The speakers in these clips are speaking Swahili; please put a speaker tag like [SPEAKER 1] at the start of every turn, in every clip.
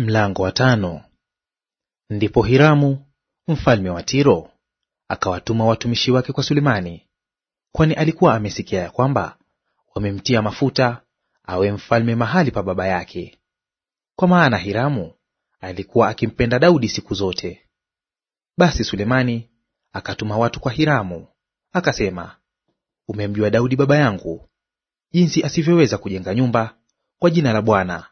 [SPEAKER 1] Mlango wa tano. Ndipo Hiramu mfalme wa Tiro akawatuma watumishi wake kwa Sulemani, kwani alikuwa amesikia ya kwamba wamemtia mafuta awe mfalme mahali pa baba yake, kwa maana Hiramu alikuwa akimpenda Daudi siku zote. Basi Sulemani akatuma watu kwa Hiramu akasema, umemjua Daudi baba yangu, jinsi asivyoweza kujenga nyumba kwa jina la Bwana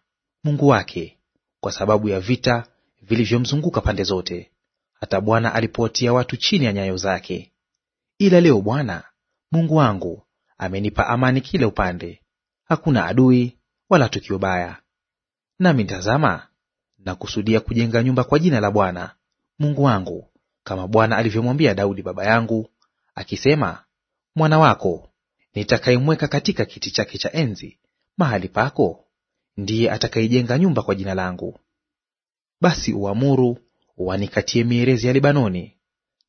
[SPEAKER 1] Mungu wake kwa sababu ya vita vilivyomzunguka pande zote, hata Bwana alipowatia watu chini ya nyayo zake. Ila leo Bwana Mungu wangu amenipa amani kila upande, hakuna adui wala tukio baya. Nami tazama, nakusudia kujenga nyumba kwa jina la Bwana Mungu wangu, kama Bwana alivyomwambia Daudi baba yangu, akisema, mwana wako nitakayemweka katika kiti chake cha enzi mahali pako ndiye atakayejenga nyumba kwa jina langu. Basi uamuru wanikatie mierezi ya Lebanoni,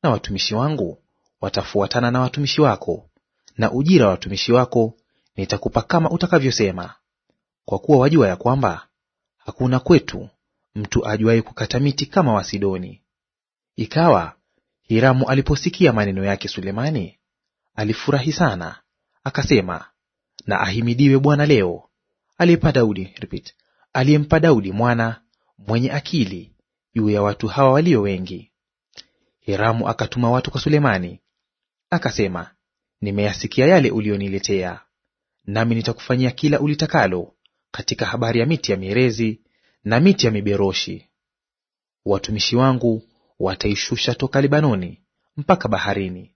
[SPEAKER 1] na watumishi wangu watafuatana na watumishi wako, na ujira wa watumishi wako nitakupa kama utakavyosema. Kwa kuwa wajua ya kwamba hakuna kwetu mtu ajuaye kukata miti kama Wasidoni. Ikawa Hiramu aliposikia maneno yake Sulemani, alifurahi sana, akasema, na ahimidiwe Bwana leo aliyempa Daudi repeat, aliyempa Daudi mwana mwenye akili juu ya watu hawa walio wengi. Hiramu akatuma watu kwa Sulemani akasema, nimeyasikia yale uliyoniletea, nami nitakufanyia kila ulitakalo katika habari ya miti ya mierezi na miti ya miberoshi. Watumishi wangu wataishusha toka Libanoni mpaka baharini,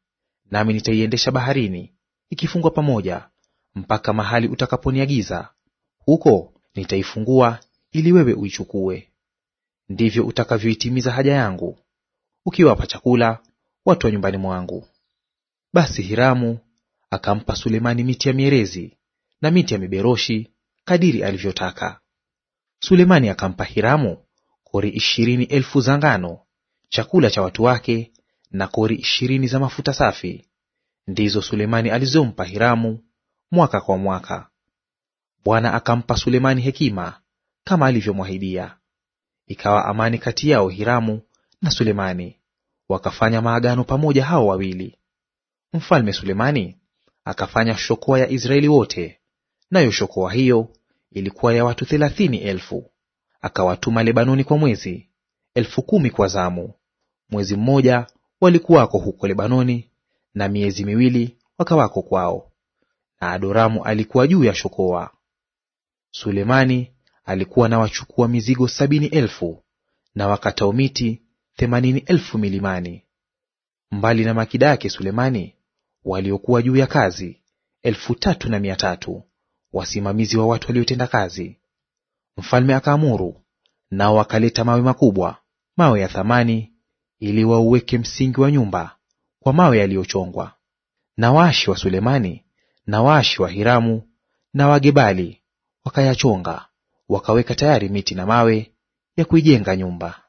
[SPEAKER 1] nami nitaiendesha baharini ikifungwa pamoja mpaka mahali utakaponiagiza huko nitaifungua ili wewe uichukue. Ndivyo utakavyoitimiza haja yangu, ukiwapa chakula watu wa nyumbani mwangu. Basi Hiramu akampa Sulemani miti ya mierezi na miti ya miberoshi kadiri alivyotaka. Sulemani akampa Hiramu kori ishirini elfu za ngano, chakula cha watu wake, na kori ishirini za mafuta safi; ndizo Sulemani alizompa Hiramu mwaka kwa mwaka. Bwana akampa Sulemani hekima kama alivyomwahidia. Ikawa amani kati yao Hiramu na Sulemani, wakafanya maagano pamoja hao wawili. Mfalme Sulemani akafanya shokoa ya Israeli wote, nayo shokoa hiyo ilikuwa ya watu thelathini elfu. Akawatuma Lebanoni kwa mwezi elfu kumi kwa zamu. Mwezi mmoja walikuwako huko Lebanoni, na miezi miwili wakawako kwao. Na Adoramu alikuwa juu ya shokoa. Sulemani alikuwa na wachukua mizigo sabini elfu na wakatao miti themanini elfu milimani. Mbali na makida yake Sulemani waliokuwa juu ya kazi elfu tatu na mia tatu wasimamizi wa watu waliotenda kazi. Mfalme akaamuru, nao wakaleta mawe makubwa, mawe ya thamani, ili wauweke msingi wa nyumba kwa mawe yaliyochongwa. Na waashi wa Sulemani na waashi wa Hiramu na Wagebali wakayachonga, wakaweka tayari miti na mawe ya kuijenga nyumba.